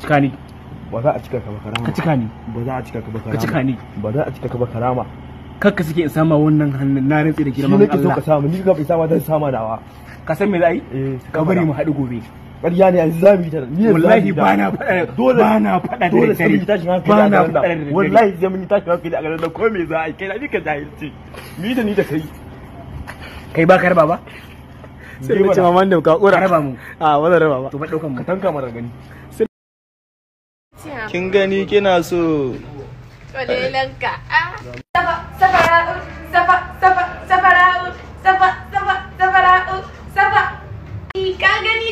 cika a cika ka ba karama ka cika ni ba za a cika ka karama ka cika suke in sama wannan hannun na rantsi da girman Allah shi ke so ka samu ni ka fi sama dan sama ka san me eh, ka bari mu haɗu gobe ƙarya ne yanzu mu yi ta ni wallahi ba na faɗa dole ba na faɗa dole sai ba na faɗa wallahi sai mun tashi hankali a garin da ko me za a yi kai ni ka jahilci da ba ka kura raba mu ah, a wannan raba ba to ba daukan mu ka tanka kin gani kina so kwalelanka ka ah. gani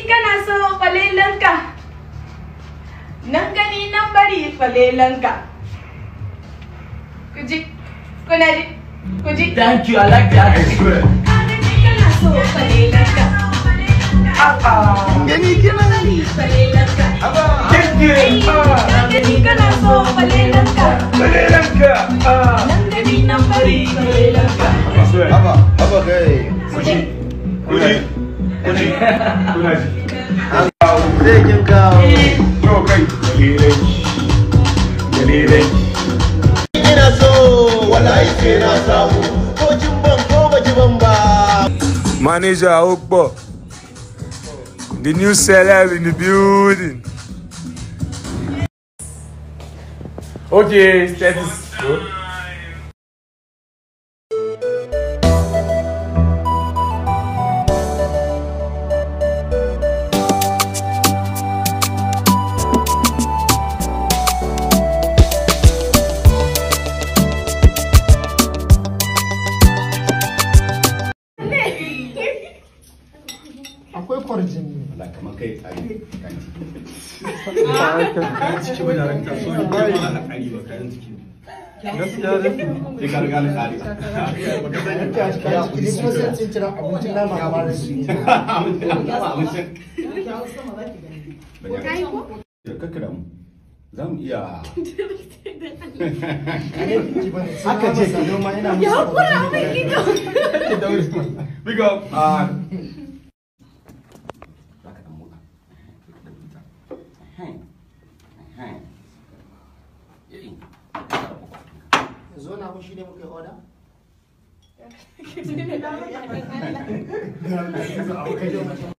kana so kwalelanka nan gani nan bari kwalelanka kuji kuna ji kuji thank you i like that ka gani kana so ka gani kana kwalelanka haba haba kai kuji ba ji ban ba manager ogbo the new seller in the building okay status good akwai kwarjini Allah kamar kai tsari kan ciki so ne ba ciki gaskiya da tsari ba ta shi kuma sai cin cira abincin nama mu za mu iya haka ce musu ya kura mai gidan zona ku mun shine muka yi oda Yeah,